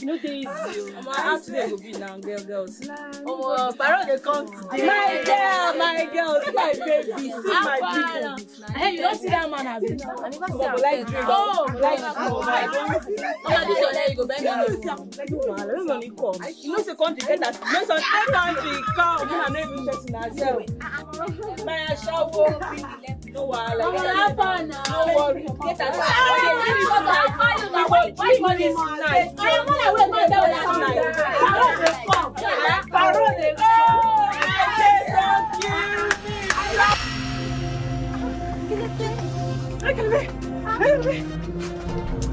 You know they easy. Omo how today go be now, girl girls. Omo Paro dey come today. My girl, my girl, see my baby, see my people. Hey, you don't see that man abi? I never Like drink, oh, like drink. Omo this your leg go bend down. Like you know, money come. You know say country get that. No some country come. You no even person herself. My shop. No wahala. No wahala. Get out of here. Why you want this night? I am one away. Go down that night. Parole dey come. Parole dey go. Jesus kill me. Ekelebe. Ekelebe.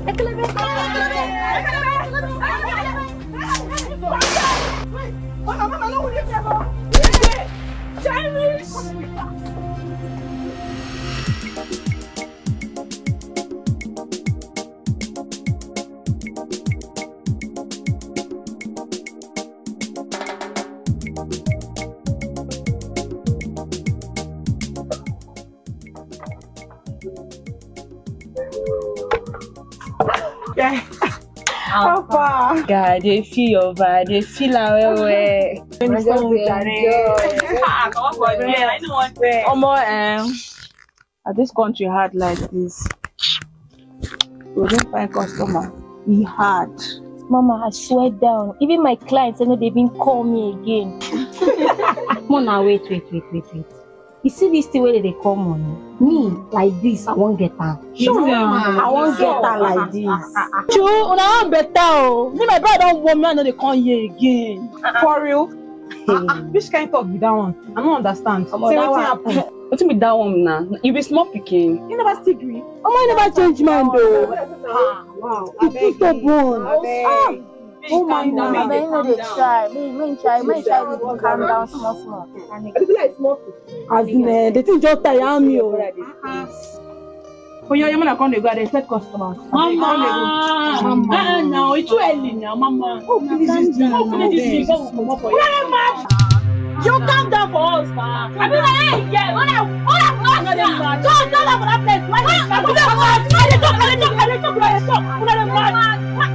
Ekelebe. Ekelebe. Ekelebe. Ekelebe. Mama, mama, no, we need to go. Cherish. guy, I dey feel your vibe, I dey feel am well well. When ah, Omo, eh. at this country hard like this. We don find customer, e hard. Mama, I swear down. Even my clients, I know they been call me again. Mona, wait, wait, wait, wait, wait you see this thing wey dem dey call money me like this. i wan get am sure i wan get am like this. true una wan beta o oh. me my brother don warn me i no dey come here again uh-uh. for real ah, ah, which kind talk be that one i no understand say wetin happen. wetin be that one na you be small pikin you never still gree omo you never ah, change mind o oh. you fit to bone Oh my god, but you know try. Me, me try, me try to calm uh, down uh, small, small. I it be like small. As in, eh, the thing just tired me, already. Uh, oh. Oya, uh-uh. your man come dey go. I set customers. Mama, mama, uh-uh, now it's too early now, mama. Oh please, oh please, oh please. You calm down for us, ma. I be like, hey, yeah, what I, what I, what I, don't, don't have that place. Why you talk? Why you talk? Why you talk? Why you talk? Why you talk? Why you talk?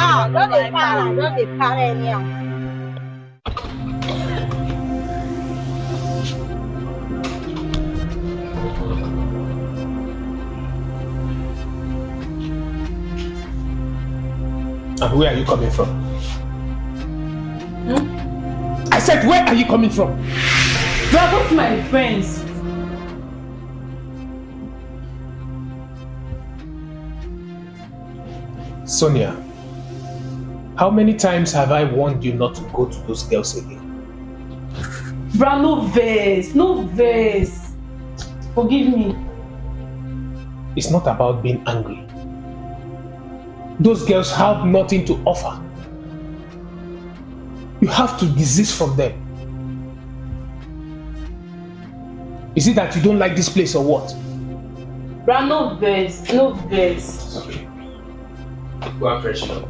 Ah, non, pas, non, pas, And where are you coming from? Hmm? I said, where are you coming from? They my friends. Sonia. How many times have I warned you not to go to those girls again? Bra, no verse, no verse. Forgive me. It's not about being angry. Those girls have nothing to offer. You have to desist from them. Is it that you don't like this place or what? Bra, no verse, no verse. Okay. Go and freshen up.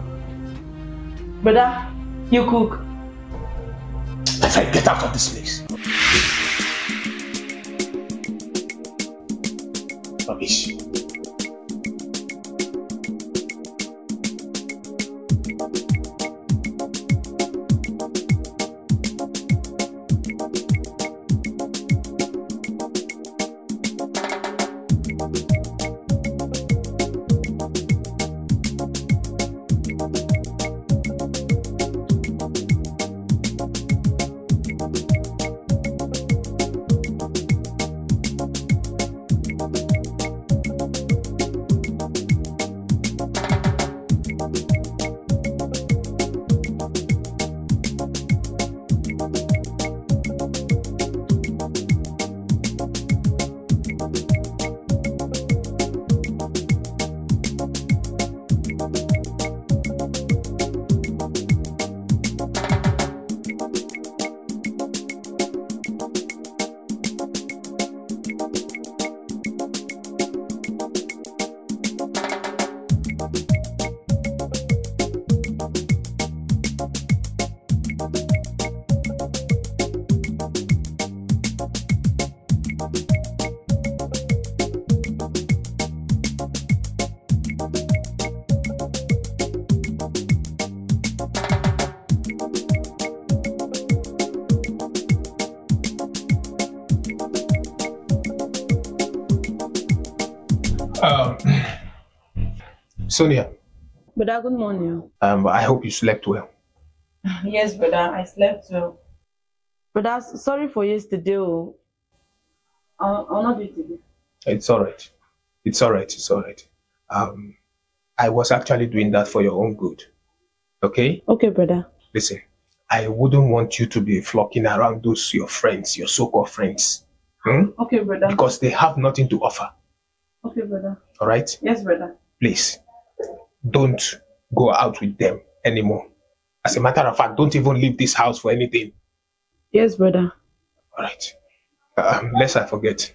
Brother, you cook. I get out of this place. Rubbish. Sonia. Bada, good morning. Um, I hope you slept well. yes, brother, I slept well. Brother, sorry for yesterday. Oh. I'll, I'll not do it again. It's all right. It's all right. It's all right. Um, I was actually doing that for your own good. Okay? Okay, brother. Listen, I wouldn't want you to be flocking around those your friends, your so-called friends. Hmm? Okay, brother. Because they have nothing to offer. Okay, brother. All right? Yes, brother. Please, don't go out with them anymore. As a matter of fact, don't even leave this house for anything. Yes, brother. All right. Um, lest I forget,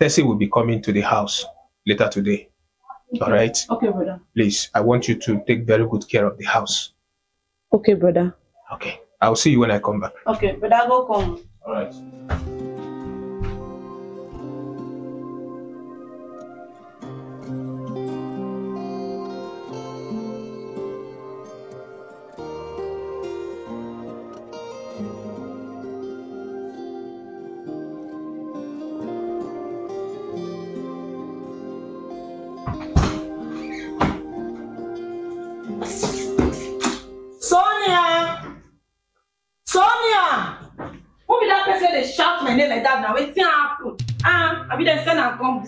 Tessie will be coming to the house later today. Okay. All right? Okay, brother. Please, I want you to take very good care of the house. Okay, brother. Okay. I'll see you when I come back. Okay, brother, go come. All right.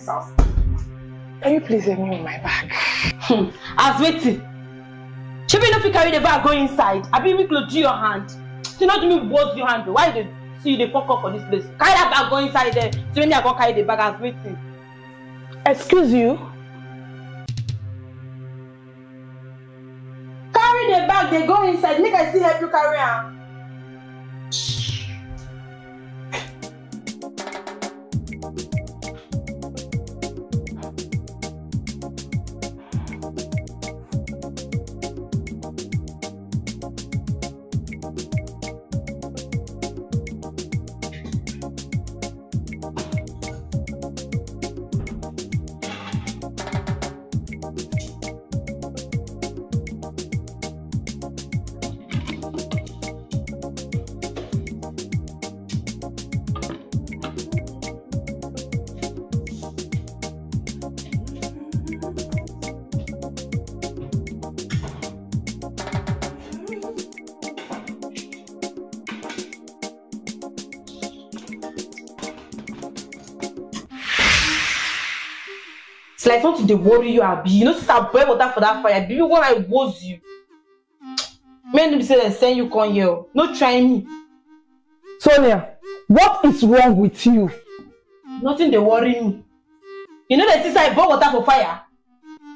house. Can you please help me with my bag? Hmm. waiting. was waiting. Shebi no fit carry the bag go inside. Abi make you do your hand. See not me both your hand. Why did see you the fuck up for this place? Carry that bag go inside there. See when I go carry the bag, I waiting. Excuse you? Carry the bag, they go inside. Make I still help you carry am. like something dey worry you abi you know since i boil water for that fire baby when i woz you make no be say dem send you come here o no try me. sonia what is wrong with you. nothing dey worry me you know dey see say i boil water for fire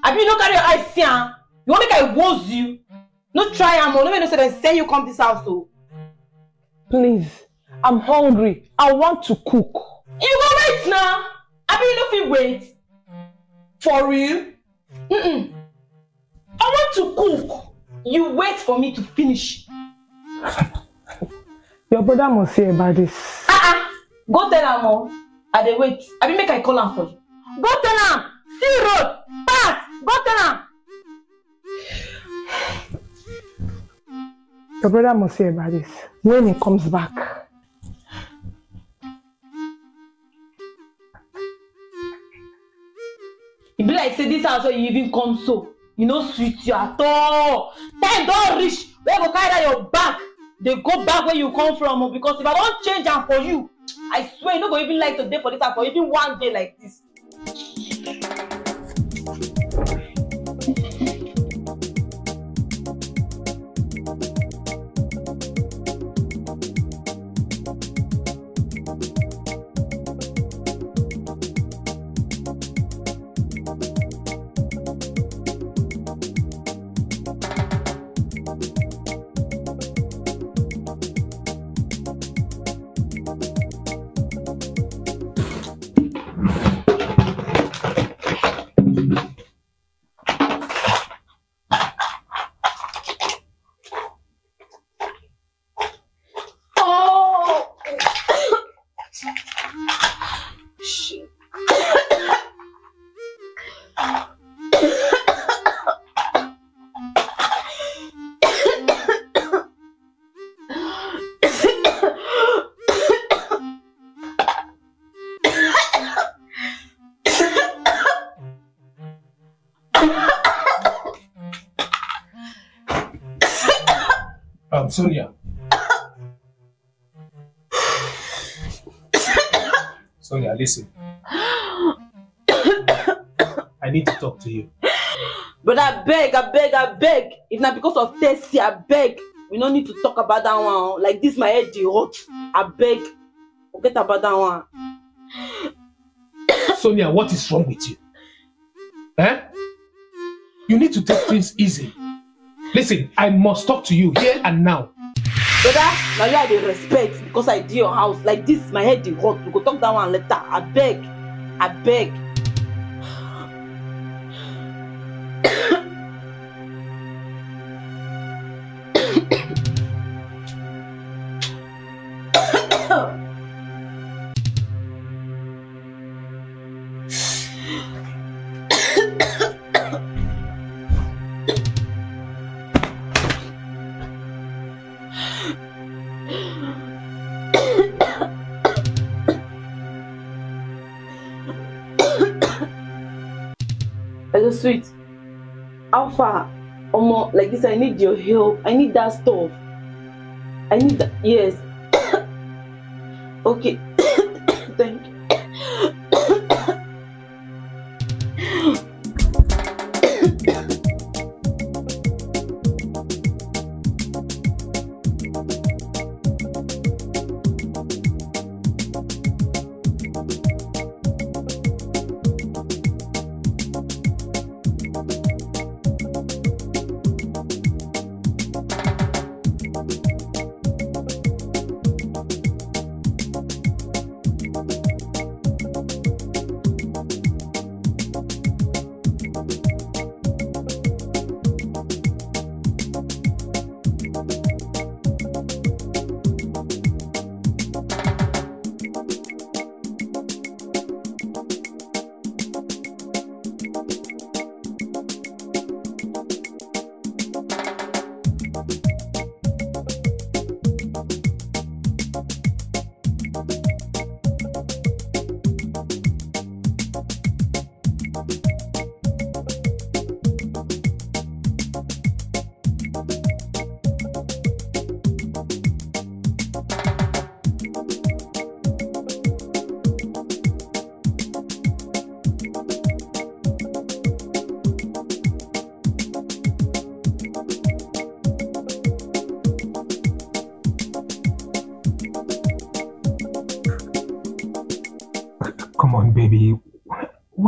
abi you no carry your eye see am you wan make i woz you no try am o oh. no make no say dem send you come this house o. Oh. please i'm hungry i want to cook. you go wait na abi you no fit wait. For real? Mm-mm. I want to cook. You wait for me to finish. Your brother must hear about this. Uh-uh. Go tell him o. Oh. I dey wait. I be make I call am for you. Go tell him. See road. Pass. Go tell him. Your brother must hear about this. When he comes back, like say this house wey you even come so e no sweet you at all time don reach wey go carry your back dey go back where you come from o because if i wan change am for you i swear you no go even like to dey for this house for even one day like this Sonia. Sonia, listen. I need to talk to you. But I beg, I beg, I beg. If not because of Tessie, I beg. We don't need to talk about that one. Like this, my head is hot. I beg. Forget about that one. Sonia, what is wrong with you? Eh? You need to take things easy. Listen, I must talk to you here and now. Brother, now you have the respect because I did your house. Like this, my head is hot. You go talk that one later. I beg. far omo like this i need your help i need that stuff i need that yes okay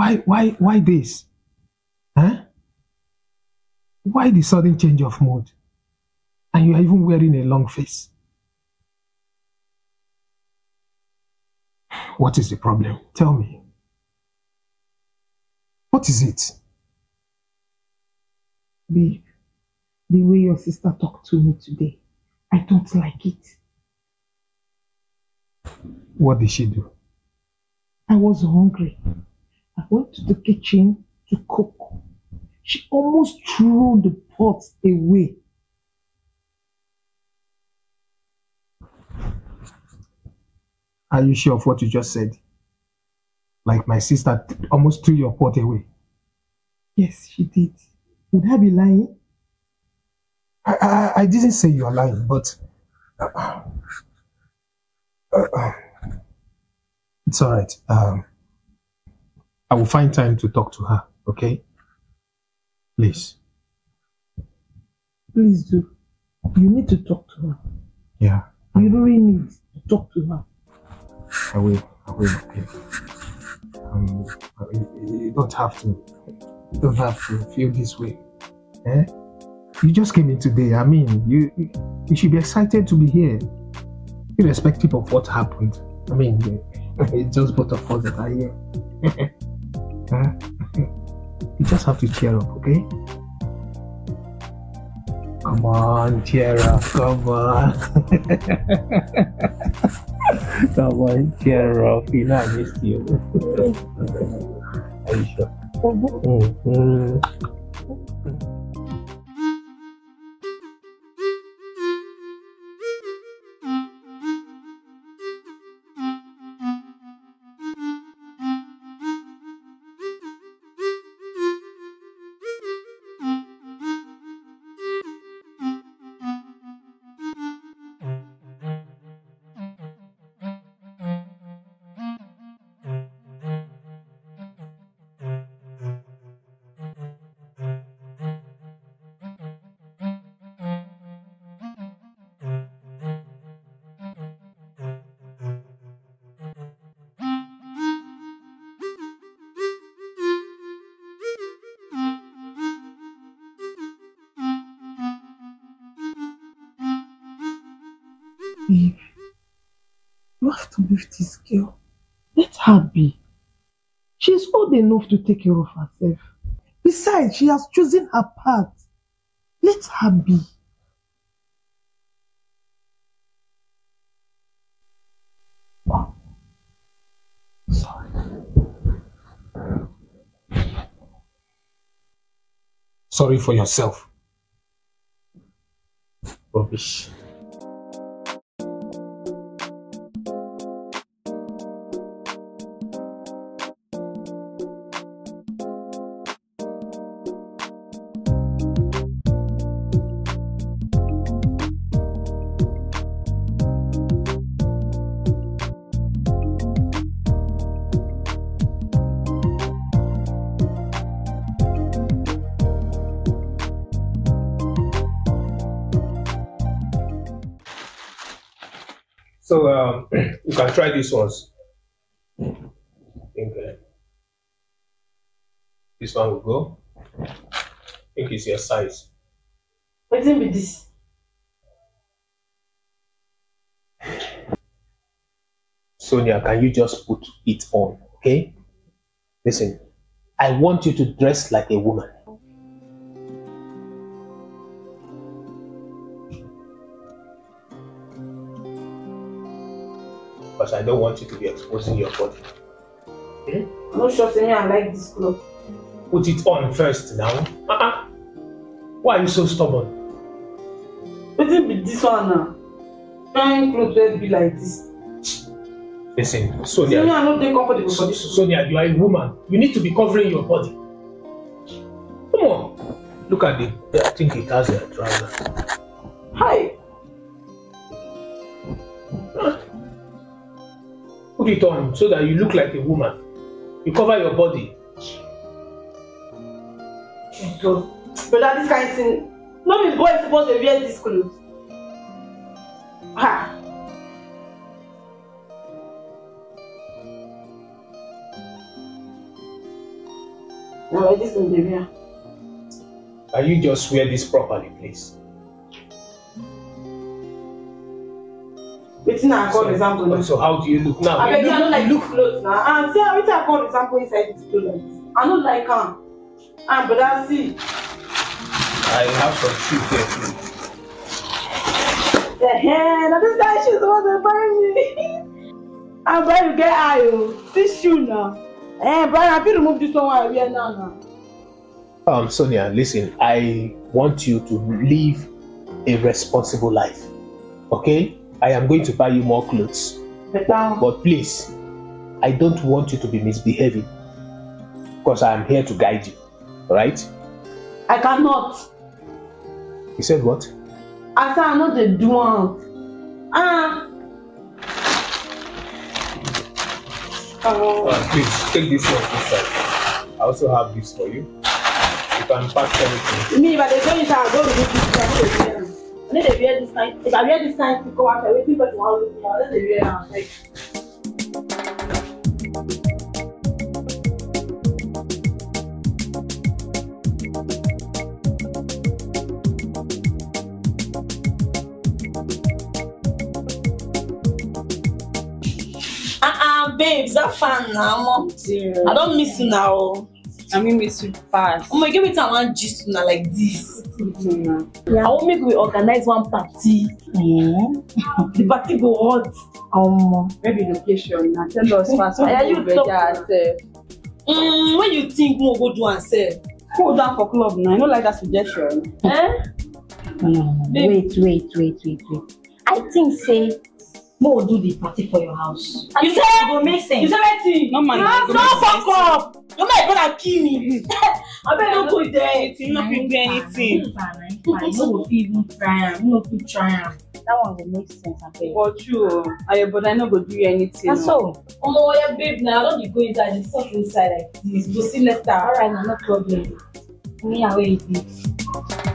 Why, why, why this? Huh? Why the sudden change of mood? And you are even wearing a long face. What is the problem? Tell me. What is it? The, the way your sister talked to me today, I don't like it. What did she do? I was hungry. I went to the kitchen to cook. She almost threw the pot away. Are you sure of what you just said? Like my sister almost threw your pot away. Yes, she did. Would I be lying? I, I, I didn't say you are lying, but. Uh, uh, uh it's all right. Um, I will find time to talk to her, okay? Please. Please do. You need to talk to her. Yeah. You really need to talk to her. I will. I will. Yeah. Um, you don't have to. You don't have to feel this way. Eh? You just came in today. I mean, you you should be excited to be here, irrespective of what happened. I mean, it's just both of us that are here. you just have to cheer up, okay? Come on, cheer up, come on. come on, cheer up. You know, I missed you. Are you sure? Mm-hmm. have to leave this girl. Let her be. She's old enough to take care of herself. Besides, she has chosen her path. Let her be. Sorry. Sorry for yourself. Rubbish. So um, you can try these ones. Okay. This one will go. I think it's your size. What's in with this? Sonia, can you just put it on? Okay? Listen, I want you to dress like a woman. because I don't want you to be exposing your body. Hmm? Eh? No shorts in here, I like this cloth. Put it on first now. Uh-uh. Why are you so stubborn? Wetin be this one now? Trying clothes wey be like this. Listen, Sonia. Sonia, I no dey comfortable for this. Sonia, you are a woman. You need to be covering your body. Come on. Look at the, I think it has a trouser. Hi. put it on so that you look like a woman. You cover your body. but that this kind of thing, no be boy is supposed to wear this clothes. Ha. Now, this in the you just wear this properly, please? wetin i call example so how do you look now abeg i no like look. cloth na and ah, see wetin i call example inside dis cloth like i no like am and brother see. i have some shoes here too. Yeah, na dis kind shoes suppose dey buy me and about ah, you get eye oo oh. this shoe na eh Brian, i feel remove This one wey i wear now Um, Sonia, listen, I want you to live a responsible life. Okay? I am going to buy you more clothes. But, but please, I don't want you to be misbehaving because I am here to guide you. right? I cannot. You said what? I said I'm not the one. Ah. Oh. Uh, please take this one inside. I also have this for you. You can pack everything. Me, but they I need to wear this kind. If I wear this kind to go out, wait people to want me. I wear am like. Uh-uh, that fun now. I don't miss you now. I mean, we should pass. Oh my God, wait, I want just now like this. Yeah. I will make we organize one party. Mm. the party go hot. Um, maybe location. tell us fast. Are you talking? Eh? Mm, when you think we'll go do and say? Go down for club now. I don't like that suggestion. eh? no. Wait, wait, wait, wait, wait. I think say mo do the party for your house. you say e go make sense. you say wetin. no man na go make sense. no fok up no make you go kill me. abeg no go there. no fit do anything. no go fit even try am no fit try am. that one go make sense abeg. but true o oh. but I no go do you anything. na oh. so. omo oya babe na i no dey go inside dey talk inside like this you go see later. alright na no problem. me and wey you dey.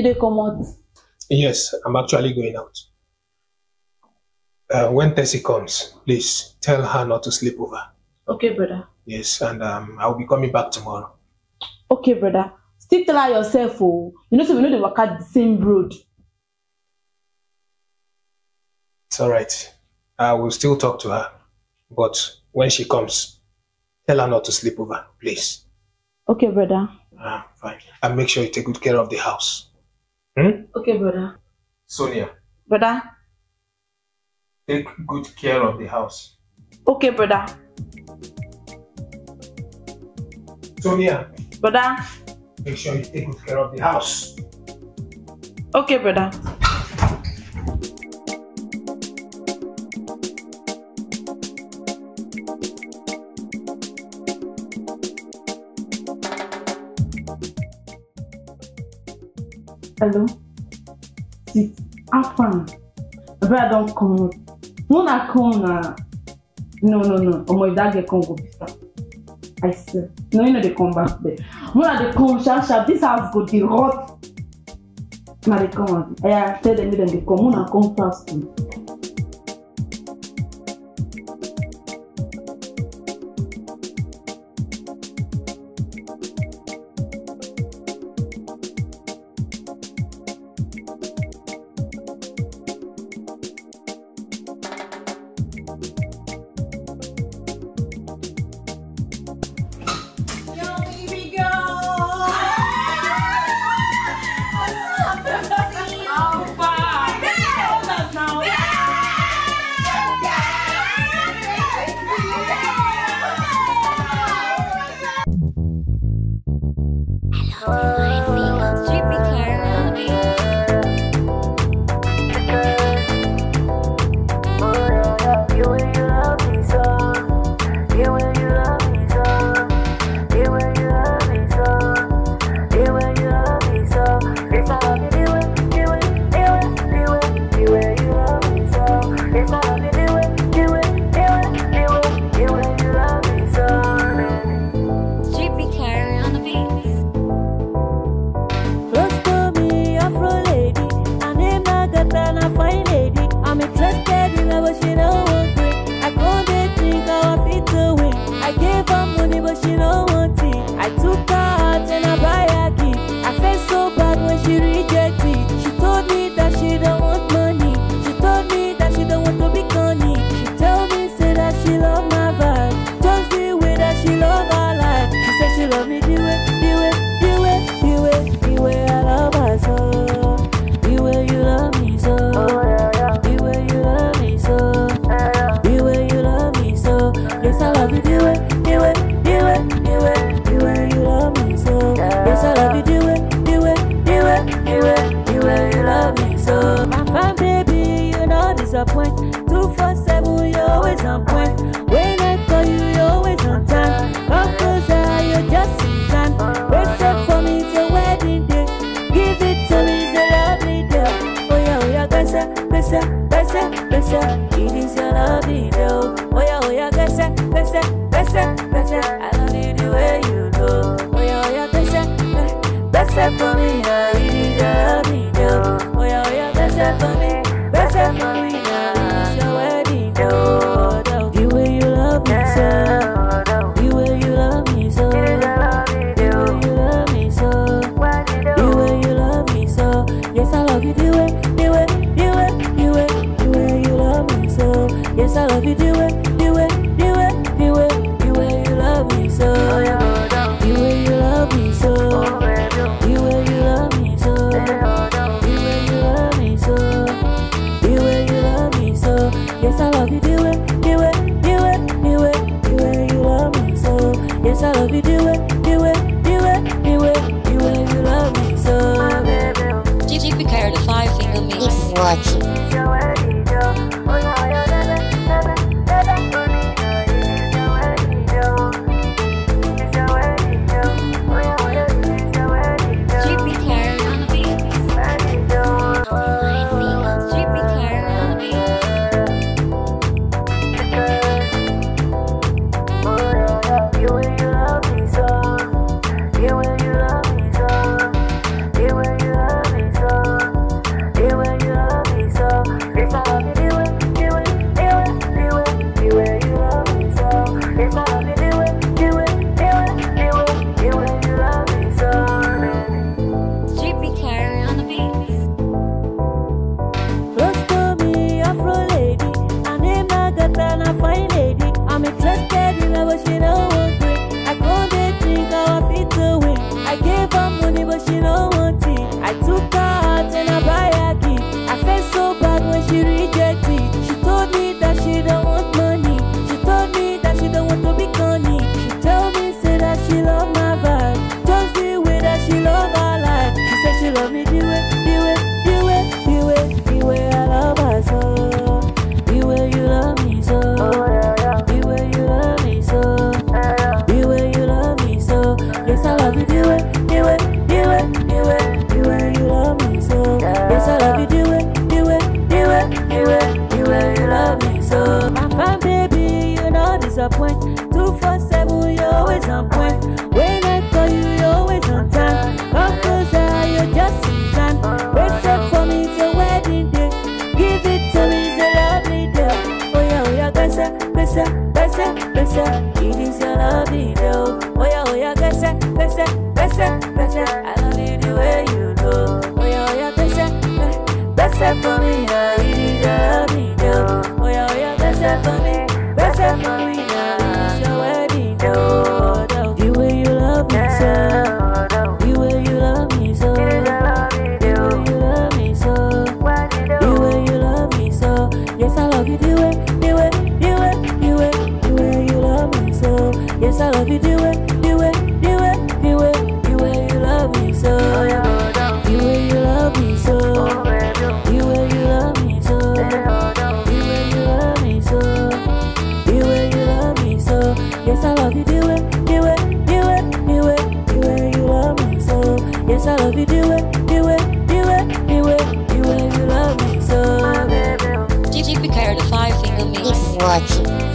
Bide come out? Yes, I'm actually going out. Uh, when Tessie comes, please tell her not to sleep over. Okay, brother. Yes, and um, I'll be coming back tomorrow. Okay, brother. Still tell her yourself, oh. You know, we know they work at the same road. It's all right. I will still talk to her. But when she comes, tell her not to sleep over, please. Okay, brother. Ah, fine. And make sure you take good care of the house. Hmm? Okay, brother. Sonia. Brother. Take good care of the house. Okay, brother. Sonia. Brother. Make sure you take good care of the house. Okay, brother. hello sit afan abeg i don comot una come na no no no omo if dat girl come go i swear no you no dey come back there una dey come sharp sharp dis house go dey hot una dey come out yeah, tell dem make dey come una come fast. always on 247, you're always on point. When I call you, you're always on time. Come closer, you're just in time. Wait up for me, it's a wedding day. Give it to me, it's a lovely day. Oh yeah, oh yeah, Gaza, Gaza, Gaza, Gaza. It is a lovely day. Oh yeah, oh yeah, Gaza, Gaza, Gaza, Gaza. I love you the way you do. Oh yeah, oh yeah, Gaza, Gaza for me, yeah. It is a lovely day. Oh yeah, oh yeah, Gaza for me. That's it for me. Records. Yes, I love you the way, the way, the way, the way, the way you love me so. DJ Picario, the five finger mix. Keep watching.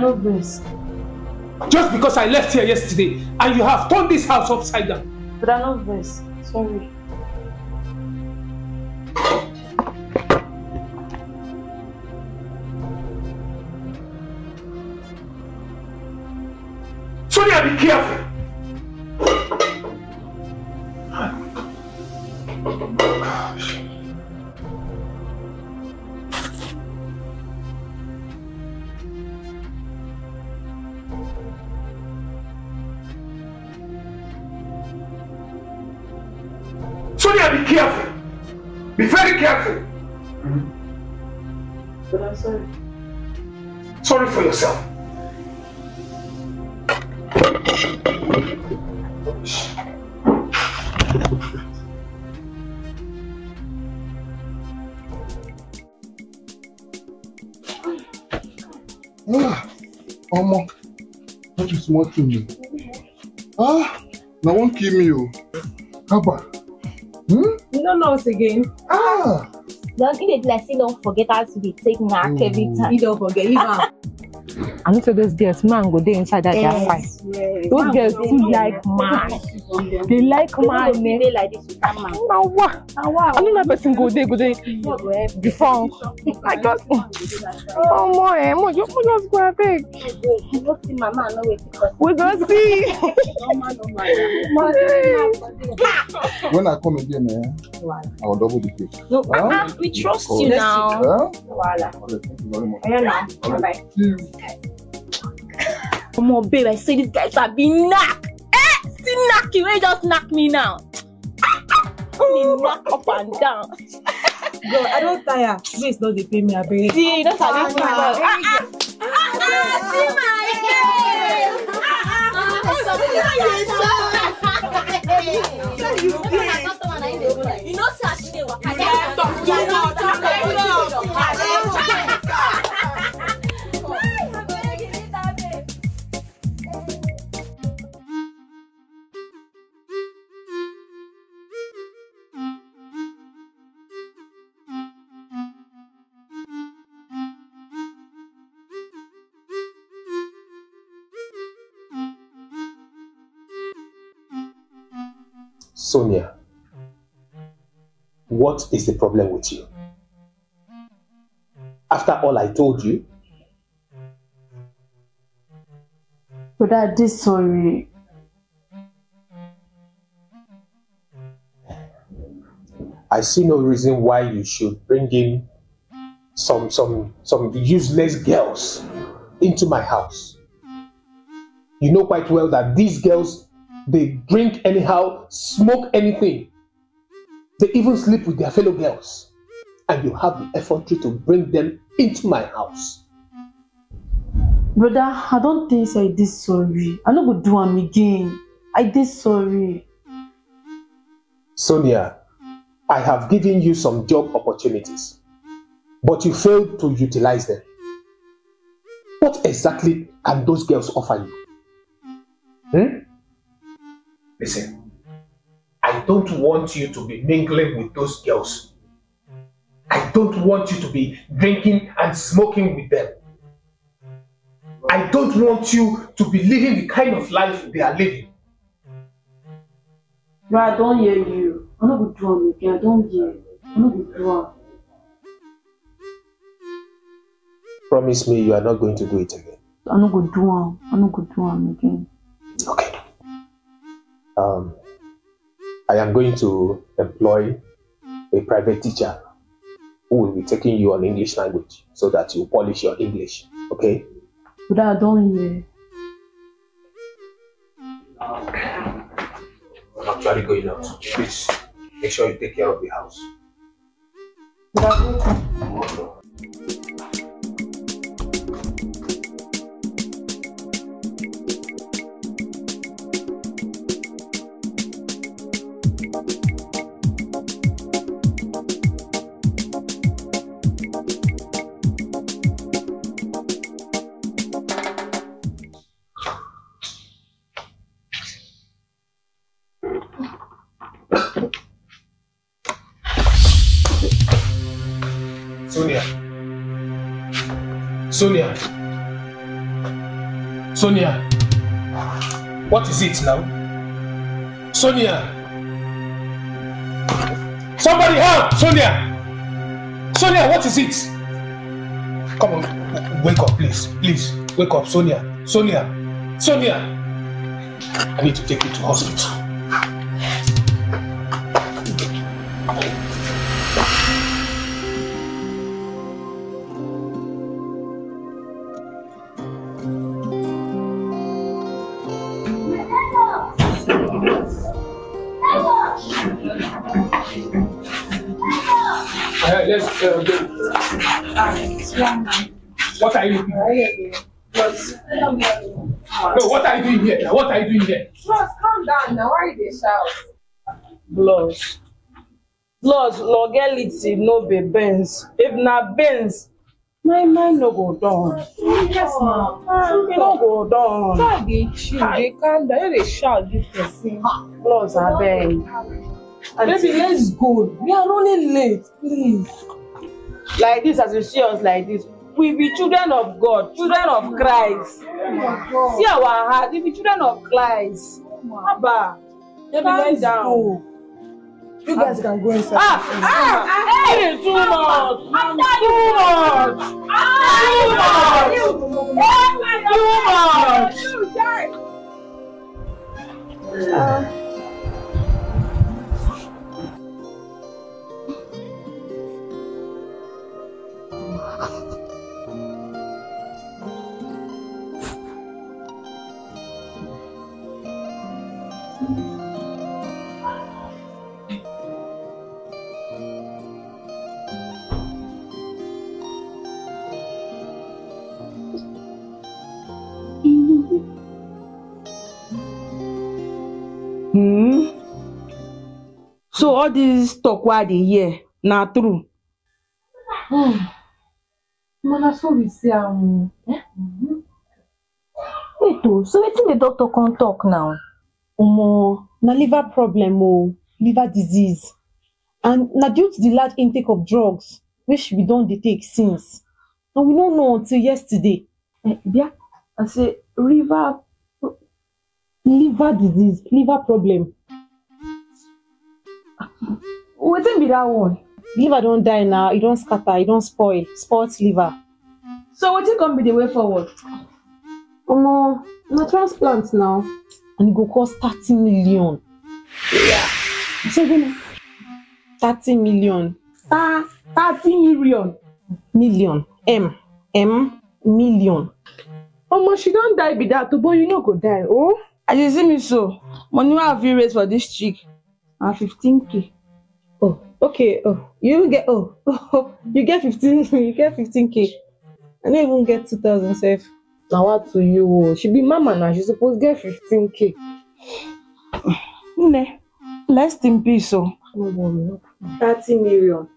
no grace. Just because I left here yesterday and you have turned this house upside down. But I no grace. Sorry. careful. Be very careful. But I'm sorry. Sorry for yourself. ah, Omo, what is what me? Ah, no one kill me, oh. Come about? house again. Ah. Then immediately I say, don't forget how to be take knack every mm. time. You don't forget, leave And know say those girls, man, go there inside that yes, they Yes. Those man, girls too like man. They like man. They eh. like this with man. Now what? Now what? I know that oh, person go there, go there. Before, I got. Oh my, my, you just go oh, eh, beg. We are gonna see. When I come again, eh, I will double the cake. No, huh? Ah, we trust you now. Huh? Voilà. Thank you very much. Bye bye. omo babe i say this guy sabi knack eh see knack you wey just knack me now me knack up and down. Girl, I don't tire. Please no dey pay me abeg. See, that's how this man go. Ah ah, see my hair. Ah ah, something like that. You dey. You know, sir, she dey waka. Sonia, what is the problem with you? After all I told you. But I did sorry. I see no reason why you should bring in some some some useless girls into my house. You know quite well that these girls they drink anyhow, smoke anything. They even sleep with their fellow girls. And you have the effrontery to bring them into my house. Brother, I don't think so I did sorry. I going go do am again. I did sorry. Sonia, I have given you some job opportunities, but you failed to utilize them. What exactly can those girls offer you? Hmm? Listen, I don't want you to be mingling with those girls. I don't want you to be drinking and smoking with them. I don't want you to be living the kind of life they are living. Bro, I don't hear you. I'm not going to drum again. I don't hear you. I'm not going to Promise me you are not going to do it again. I'm not going to drum. I'm not going to drum again. Okay um, I am going to employ a private teacher who will be taking you on English language so that you polish your English. Okay? Kódà dọ́rin yẹn. I'm actually going out. Please make sure you take care of the house. Sonia. Sonia. What is it now? Sonia. Somebody help! Sonia! Sonia, what is it? Come on, wake up, please. Please, wake up, Sonia. Sonia. Sonia. I need to take you to hospital. Uh, what are you looking No, what are you doing here? What are you doing here? Plus, calm down now. Why they shout? Plus. Plus, legality no be bends. If na bends, my mind no go down. Yes, ma'am. Ah, e no go down. Why they chill? They can't. down. They shout this person. Plus, I beg. Baby, let's go. We are running late, please. Like this, as you see us like this, we be children of God, children of Christ. Oh see our heart, we be children of Christ. Abba, baby, let's down. go. You guys can go inside. Ah, ah, hey, too much. After too much. too much. Too much. Too much. Hmm. so all dis talk wey i dey hear na true hmm. Mama, so we see um. Wait oh, so wetin the doctor come talk now? Omo, na liver problem o, liver disease. And na due to the large intake of drugs which we don dey take since. And we no know until yesterday. Eh, Bia, I say liver liver disease, liver problem. Wetin be that one? liver don die now. e don scatter e don spoil spoilt liver. so wetin come be the way forward. omo na transplant now. and e go cost thirty million. Yeah. thirty million. ta thirty million. million m m million. omo she don die be dat obo you no go die o. Oh? as you see me so money wey i fit raise for dis chick na fifteen k. oh okay, oh, you get oh, oh you get fifteen, you get fifteen k. I don't even get two thousand safe. Now what to you? Oh? She be mama now. She supposed get fifteen k. Ne, less than peso. No, Thirty million.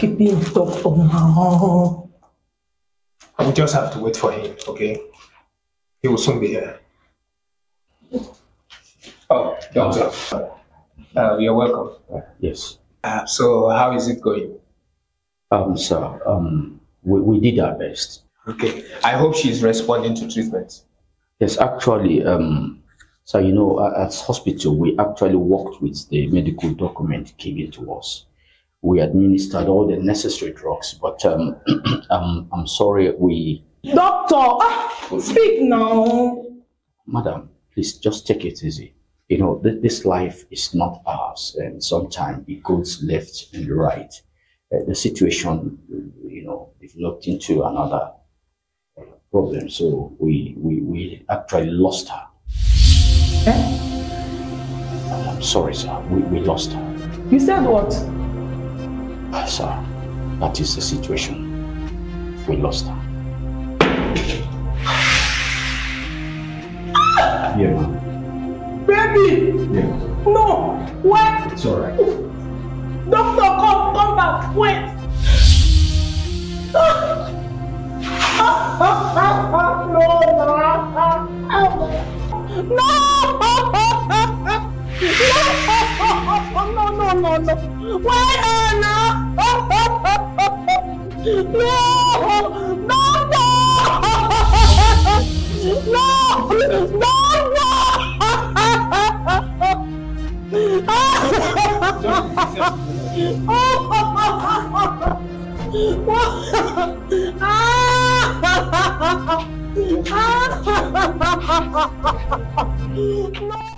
housekeeping stuff on my We just have to wait for him, okay? He will soon be here. Oh, doctor. Uh, uh, you're welcome. Yes. Uh, so, how is it going? Um, sir, um, we, we did our best. Okay. I hope she's responding to treatment. Yes, actually, um, so you know, at hospital, we actually worked with the medical document given to us we administered all the necessary drugs, but um, um, I'm sorry, we. Doctor, ah, speak now. Madam, please just take it easy. You know, th this life is not ours, and sometimes it goes left and right. Uh, the situation, you know, developed into another uh, problem, so we, we, we actually lost her. Eh? I'm sorry, sir, we, we lost her. You said what? Sir, that is the situation. We lost her. Yeah, ma'am. Baby! Yeah. No! Wait! It's alright. Doctor, come, come back. Wait! no! No! no! Oh, no, no, no, no. Wait, Anna. No, no, no. No, no, no. no.